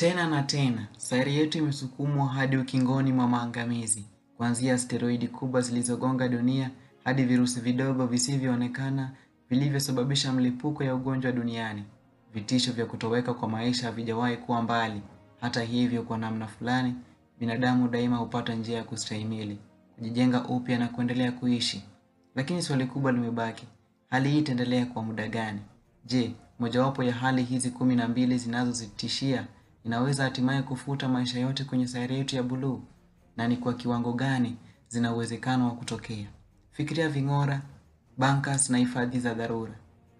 Tena na tena, sayari yetu imesukumwa hadi ukingoni mwa maangamizi, kuanzia asteroidi kubwa zilizogonga dunia hadi virusi vidogo visivyoonekana vilivyosababisha mlipuko ya ugonjwa duniani. Vitisho vya kutoweka kwa maisha havijawahi kuwa mbali. Hata hivyo, kwa namna fulani, binadamu daima hupata njia ya kustahimili, kujijenga upya na kuendelea kuishi. Lakini swali kubwa limebaki, hali hii itaendelea kwa muda gani? Je, mojawapo ya hali hizi kumi na mbili zinazozitishia inaweza hatimaye kufuta maisha yote kwenye sayari yetu ya buluu na ni kwa kiwango gani zina uwezekano wa kutokea. Fikiria ving'ora, bankas na hifadhi za dharura.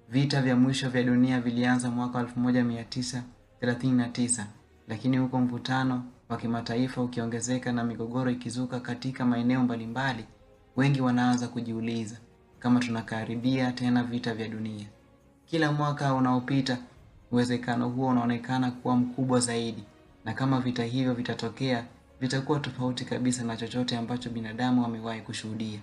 Vita vya mwisho vya dunia vilianza mwaka 1939 lakini huko mvutano wa kimataifa ukiongezeka na migogoro ikizuka katika maeneo mbalimbali, wengi wanaanza kujiuliza kama tunakaribia tena vita vya dunia. Kila mwaka unaopita uwezekano huo unaonekana kuwa mkubwa zaidi, na kama vita hivyo vitatokea, vitakuwa tofauti kabisa na chochote ambacho binadamu amewahi kushuhudia.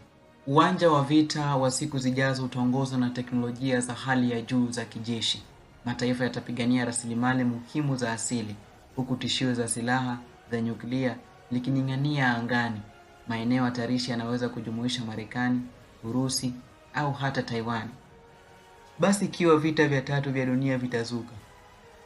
Uwanja wa vita wa siku zijazo utaongozwa na teknolojia za hali ya juu za kijeshi. Mataifa yatapigania rasilimali muhimu za asili, huku tishio za silaha za nyuklia likining'ania angani. Maeneo hatarishi yanaweza kujumuisha Marekani, Urusi au hata Taiwan. Basi ikiwa vita vya tatu vya dunia vitazuka,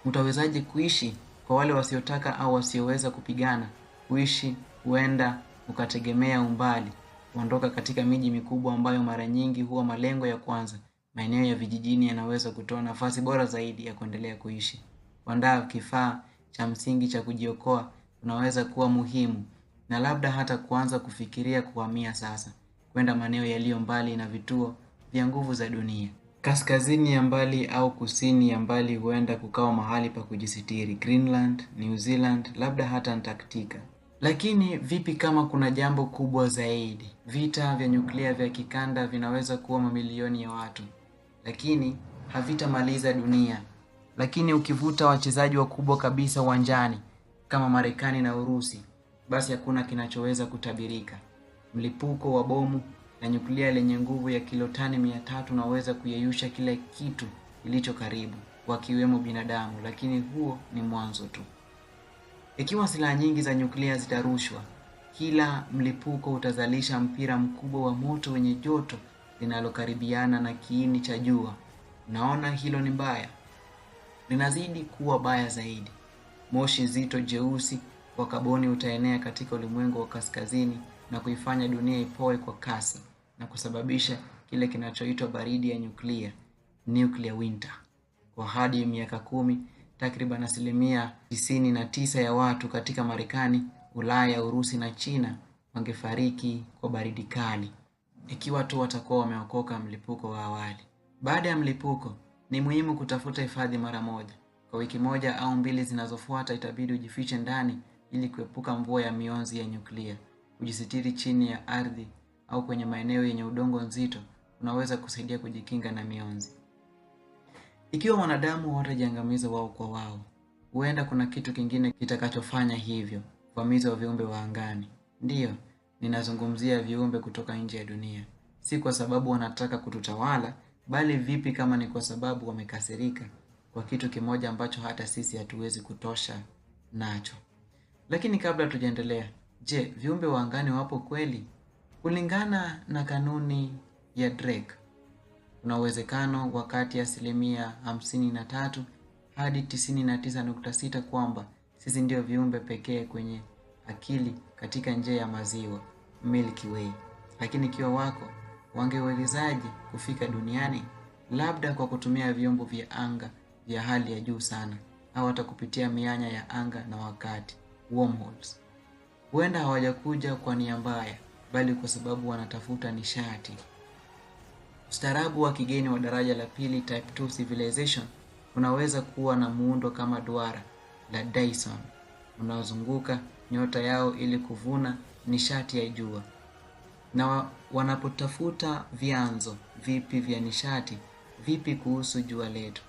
mtawezaje kuishi? Kwa wale wasiotaka au wasioweza kupigana, kuishi huenda ukategemea umbali, kuondoka katika miji mikubwa ambayo mara nyingi huwa malengo ya kwanza. Maeneo ya vijijini yanaweza kutoa nafasi bora zaidi ya kuendelea kuishi. Kuandaa kifaa cha msingi cha kujiokoa kunaweza kuwa muhimu, na labda hata kuanza kufikiria kuhamia sasa, kwenda maeneo yaliyo mbali na vituo vya nguvu za dunia. Kaskazini ya mbali au kusini ya mbali huenda kukawa mahali pa kujisitiri Greenland, New Zealand, labda hata Antarctica. Lakini vipi kama kuna jambo kubwa zaidi? Vita vya nyuklia vya kikanda vinaweza kuwa mamilioni ya watu, lakini havitamaliza dunia. Lakini ukivuta wachezaji wakubwa kabisa uwanjani kama Marekani na Urusi, basi hakuna kinachoweza kutabirika. Mlipuko wa bomu na nyuklia lenye nguvu ya kilotani mia tatu naweza kuyeyusha kila kitu ilicho karibu, wakiwemo binadamu, lakini huo ni mwanzo tu. Ikiwa silaha nyingi za nyuklia zitarushwa, kila mlipuko utazalisha mpira mkubwa wa moto wenye joto linalokaribiana na kiini cha jua. Naona hilo ni mbaya linazidi kuwa baya zaidi. Moshi zito jeusi wa kaboni utaenea katika ulimwengu wa kaskazini na kuifanya dunia ipoe kwa kasi na kusababisha kile kinachoitwa baridi ya nyuklia nuclear winter kwa hadi miaka kumi takriban asilimia tisini na tisa ya watu katika Marekani, Ulaya, Urusi na China wangefariki kwa baridi kali ikiwa tu watakuwa wameokoka mlipuko wa awali. Baada ya mlipuko, ni muhimu kutafuta hifadhi mara moja. Kwa wiki moja au mbili zinazofuata, itabidi ujifiche ndani ili kuepuka mvua ya mionzi ya nyuklia. Ujisitiri chini ya ardhi au kwenye maeneo yenye udongo nzito unaweza kusaidia kujikinga na mionzi. Ikiwa wanadamu wote jangamizo wao kwa wao, huenda kuna kitu kingine kitakachofanya hivyo, uvamizi wa viumbe wa angani. Ndiyo, ninazungumzia viumbe kutoka nje ya dunia, si kwa sababu wanataka kututawala, bali vipi kama ni kwa sababu wamekasirika kwa kitu kimoja ambacho hata sisi hatuwezi kutosha nacho. Lakini kabla tujaendelea, je, viumbe wa angani wapo kweli? Kulingana na kanuni ya Drake, kuna uwezekano wa kati ya asilimia 53 hadi 99.6 kwamba sisi ndio viumbe pekee kwenye akili katika njia ya maziwa Milky Way. Lakini ikiwa wako wangewezaje kufika duniani? Labda kwa kutumia vyombo vya anga vya hali ya juu sana, au hata kupitia mianya ya anga na wakati, wormholes. Huenda hawajakuja kwa nia mbaya bali kwa sababu wanatafuta nishati. Ustaarabu wa kigeni wa daraja la pili, type 2 civilization, unaweza kuwa na muundo kama duara la Dyson unaozunguka nyota yao ili kuvuna nishati ya jua, na wanapotafuta vyanzo vipi vya nishati vipi kuhusu jua letu.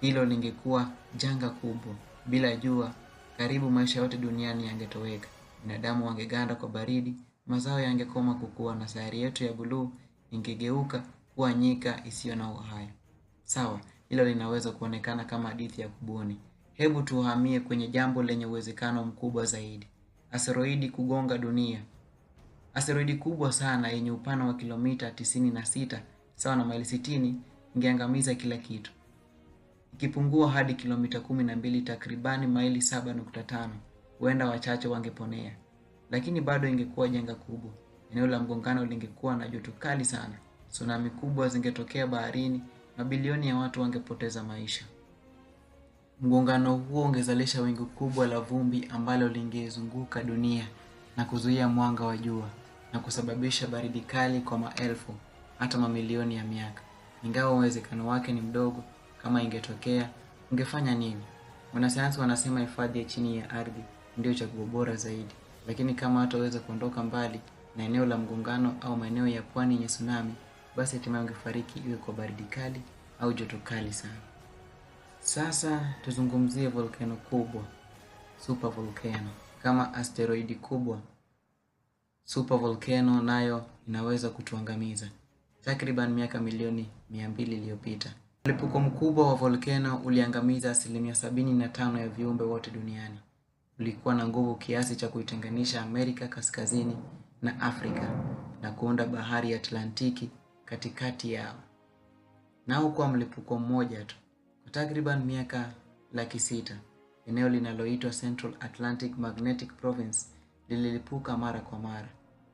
Hilo lingekuwa janga kubwa. Bila jua, karibu maisha yote duniani yangetoweka, binadamu wangeganda kwa baridi mazao yangekoma kukua na sayari yetu ya buluu ingegeuka kuwa nyika isiyo na uhai. Sawa, hilo linaweza kuonekana kama hadithi ya kubuni. Hebu tuhamie kwenye jambo lenye uwezekano mkubwa zaidi: asteroidi kugonga dunia. Asteroidi kubwa sana yenye upana wa kilomita 96 sawa na maili 60 ingeangamiza kila kitu, ikipungua hadi kilomita 12 takribani maili 7.5, huenda wachache wangeponea lakini bado ingekuwa janga kubwa. Eneo la mgongano lingekuwa na joto kali sana, sunami kubwa zingetokea baharini, mabilioni ya watu wangepoteza maisha. Mgongano huo ungezalisha wingu kubwa la vumbi ambalo lingezunguka dunia na kuzuia mwanga wa jua na kusababisha baridi kali kwa maelfu hata mamilioni ya miaka. Ingawa uwezekano wake ni mdogo, kama ingetokea, ungefanya nini? Wanasayansi wanasema hifadhi ya chini ya ardhi ndio chaguo bora zaidi. Lakini kama hataweza kuondoka mbali na eneo la mgongano au maeneo ya pwani yenye tsunami, basi hatimaye ungefariki iwe kwa baridi kali au joto kali sana. Sasa tuzungumzie volkeno kubwa, super volcano. Kama asteroidi kubwa, super volcano nayo inaweza kutuangamiza. Takriban miaka milioni mia mbili iliyopita mlipuko mkubwa wa volkeno uliangamiza asilimia sabini na tano ya viumbe wote duniani ulikuwa na nguvu kiasi cha kuitenganisha Amerika Kaskazini na Afrika na kuunda bahari ya Atlantiki katikati yao, nao kwa mlipuko mmoja tu. Kwa takriban miaka laki sita, eneo linaloitwa Central Atlantic Magnetic Province lililipuka mara kwa mara.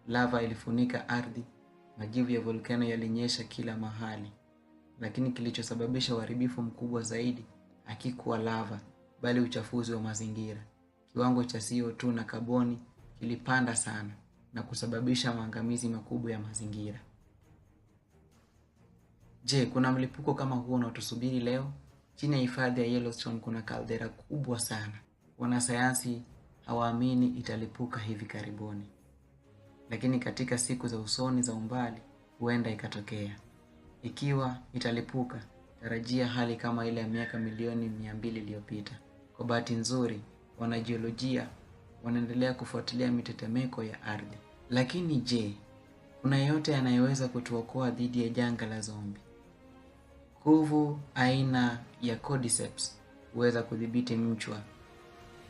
Lava ilifunika ardhi, majivu ya volkano yalinyesha kila mahali, lakini kilichosababisha uharibifu mkubwa zaidi hakikuwa lava, bali uchafuzi wa mazingira kiwango cha CO2 na kaboni kilipanda sana na kusababisha maangamizi makubwa ya mazingira. Je, kuna mlipuko kama huo unaotusubiri leo? Chini ya hifadhi ya Yellowstone kuna kaldera kubwa sana. Wanasayansi hawaamini italipuka hivi karibuni, lakini katika siku za usoni za umbali huenda ikatokea. Ikiwa italipuka, tarajia hali kama ile ya miaka milioni mia mbili iliyopita. Kwa bahati nzuri wanajiolojia wanaendelea kufuatilia mitetemeko ya ardhi. Lakini je, kuna yote yanayoweza kutuokoa dhidi ya janga la zombi? Kuvu aina ya cordyceps huweza kudhibiti mchwa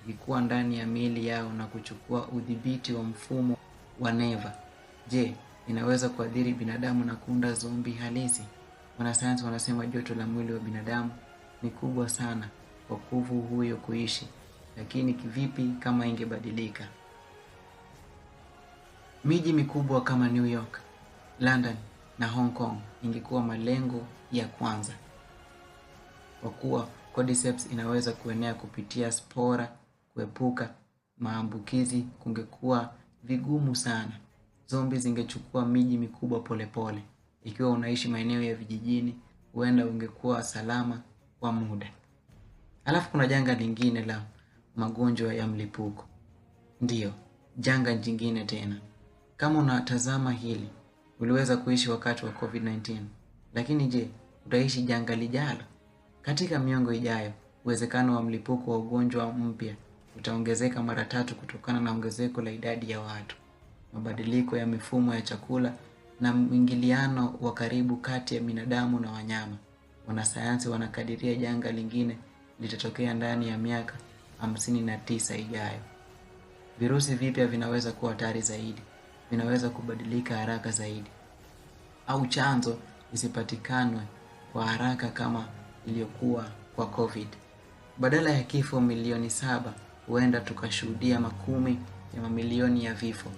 ikuwa ndani ya miili yao na kuchukua udhibiti wa mfumo wa neva. Je, inaweza kuathiri binadamu na kuunda zombi halisi? Wanasayansi wanasema joto la mwili wa binadamu ni kubwa sana kwa kuvu huyo kuishi lakini kivipi kama ingebadilika? Miji mikubwa kama New York, London na Hong Kong ingekuwa malengo ya kwanza, kwa kuwa codiceps inaweza kuenea kupitia spora. Kuepuka maambukizi kungekuwa vigumu sana. Zombi zingechukua miji mikubwa polepole. Ikiwa unaishi maeneo ya vijijini, huenda ungekuwa salama kwa muda. Alafu kuna janga lingine la magonjwa ya mlipuko. Ndiyo, janga jingine tena. Kama unatazama hili, uliweza kuishi wakati wa COVID-19, lakini je, utaishi janga lijalo? Katika miongo ijayo, uwezekano wa mlipuko wa ugonjwa mpya utaongezeka mara tatu kutokana na ongezeko la idadi ya watu, mabadiliko ya mifumo ya chakula na mwingiliano wa karibu kati ya binadamu na wanyama. Wanasayansi wanakadiria janga lingine litatokea ndani ya miaka 59 ijayo. Virusi vipya vinaweza kuwa hatari zaidi, vinaweza kubadilika haraka zaidi, au chanzo isipatikanwe kwa haraka kama iliyokuwa kwa COVID. Badala ya kifo milioni saba, huenda tukashuhudia makumi ya mamilioni ya vifo.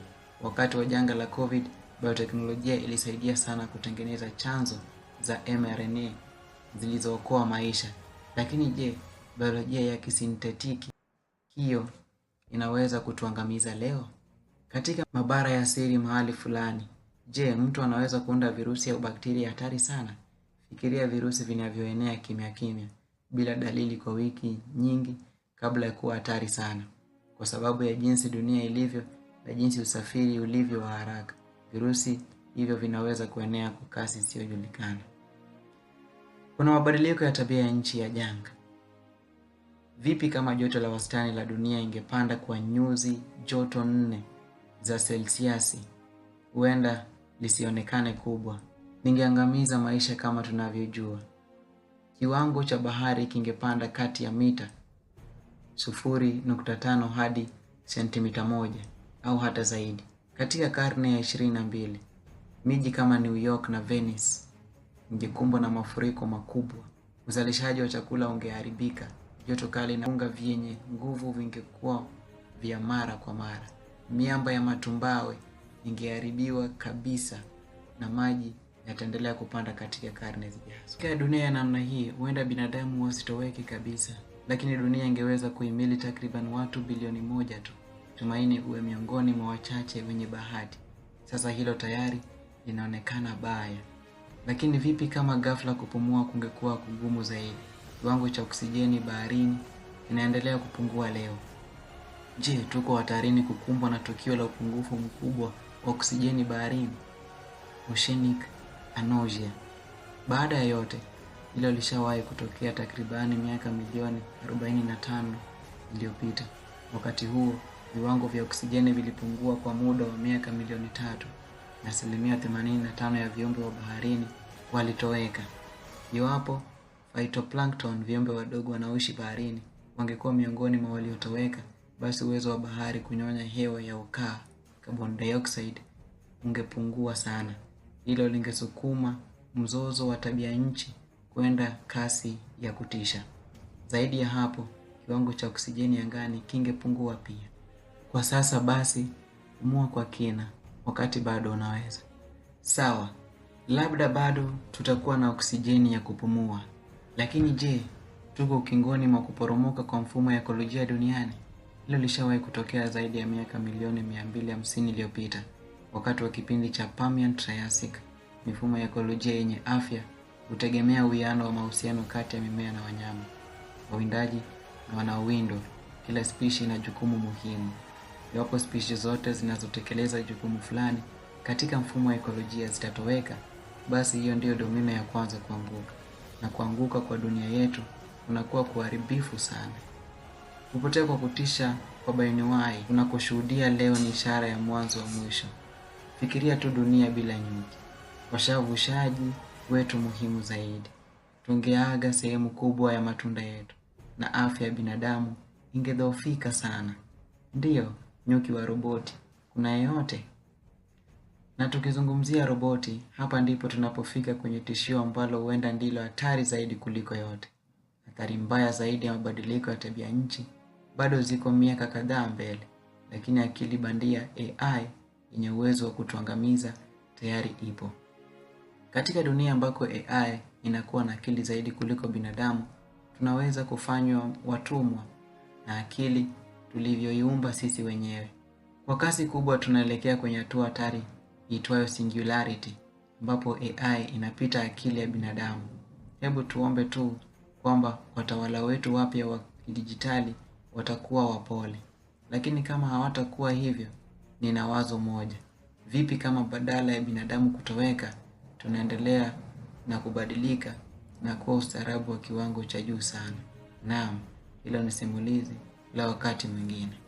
Wakati wa janga la COVID, bioteknolojia ilisaidia sana kutengeneza chanzo za mRNA zilizookoa maisha. Lakini je, biolojia ya kisintetiki hiyo inaweza kutuangamiza leo? Katika mabara ya siri mahali fulani, je, mtu anaweza kuunda virusi au bakteria hatari sana? Fikiria virusi vinavyoenea kimya kimya bila dalili kwa wiki nyingi kabla ya kuwa hatari sana. Kwa sababu ya jinsi dunia ilivyo na jinsi usafiri ulivyo wa haraka, virusi hivyo vinaweza kuenea kwa kasi isiyojulikana. Kuna mabadiliko ya tabia ya nchi ya janga Vipi kama joto la wastani la dunia ingepanda kwa nyuzi joto nne za selsiasi, huenda lisionekane kubwa, ningeangamiza maisha kama tunavyojua. Kiwango cha bahari kingepanda kati ya mita 0.5 hadi sentimita moja au hata zaidi. Katika karne ya 22, miji kama New York na Venice ingekumbwa na mafuriko makubwa, uzalishaji wa chakula ungeharibika. Joto kali na unga vyenye nguvu vingekuwa vya mara kwa mara, miamba ya matumbawe ingeharibiwa kabisa na maji yataendelea kupanda katika karne zijazo. Katika dunia ya namna hii, huenda binadamu wasitoweke kabisa, lakini dunia ingeweza kuimili takriban watu bilioni moja tu. Tumaini uwe miongoni mwa wachache wenye bahati. Sasa hilo tayari linaonekana baya, lakini vipi kama ghafla kupumua kungekuwa kugumu zaidi? kiwango cha oksijeni baharini inaendelea kupungua leo. Je, tuko hatarini kukumbwa na tukio la upungufu mkubwa wa oksijeni baharini? Oceanic anoxia. Baada ya yote, hilo lishawahi kutokea takribani miaka milioni 45 iliyopita. Wakati huo viwango vya oksijeni vilipungua kwa muda wa miaka milioni tatu na asilimia 85 ya viumbe wa baharini walitoweka. Iwapo Phytoplankton, viumbe wadogo wanaoishi baharini, wangekuwa miongoni mwa waliotoweka, basi uwezo wa bahari kunyonya hewa ya ukaa, carbon dioxide, ungepungua sana. Hilo lingesukuma mzozo wa tabia nchi kwenda kasi ya kutisha. Zaidi ya hapo, kiwango cha oksijeni angani kingepungua pia. Kwa sasa basi, mua kwa kina wakati bado unaweza. Sawa, labda bado tutakuwa na oksijeni ya kupumua, lakini je, tuko ukingoni mwa kuporomoka kwa mfumo ya ekolojia duniani? Hilo lishawahi kutokea zaidi ya miaka milioni 250 iliyopita wakati wa kipindi cha Permian Triassic. Mifumo ya ekolojia yenye afya hutegemea uwiano wa mahusiano kati ya mimea na wanyama, wawindaji na wanaowindwa. Kila spishi ina jukumu muhimu. Iwapo spishi zote zinazotekeleza jukumu fulani katika mfumo wa ekolojia zitatoweka, basi hiyo ndiyo domino ya kwanza kuanguka na kuanguka kwa dunia yetu kunakuwa kuharibifu sana. Kupotea kwa kutisha kwa wai unakoshuhudia leo ni ishara ya mwanzo wa mwisho. Fikiria tu dunia bila nyuki, washavushaji wetu muhimu zaidi. Tungeaga sehemu kubwa ya matunda yetu na afya ya binadamu ingedhoofika sana. Ndiyo, nyuki wa roboti, kuna yeyote na tukizungumzia roboti, hapa ndipo tunapofika kwenye tishio ambalo huenda ndilo hatari zaidi kuliko yote. Athari mbaya zaidi ya mabadiliko ya tabia nchi bado ziko miaka kadhaa mbele, lakini akili bandia AI yenye uwezo wa kutuangamiza tayari ipo. Katika dunia ambako AI inakuwa na akili zaidi kuliko binadamu, tunaweza kufanywa watumwa na akili tulivyoiumba sisi wenyewe. Kwa kasi kubwa, tunaelekea kwenye hatua hatari iitwayo singularity ambapo AI inapita akili ya binadamu. Hebu tuombe tu kwamba watawala wetu wapya wa kidijitali watakuwa wapole, lakini kama hawatakuwa hivyo, nina wazo moja. Vipi kama badala ya binadamu kutoweka, tunaendelea na kubadilika na kuwa ustaarabu wa kiwango cha juu sana? Naam, hilo ni simulizi la wakati mwingine.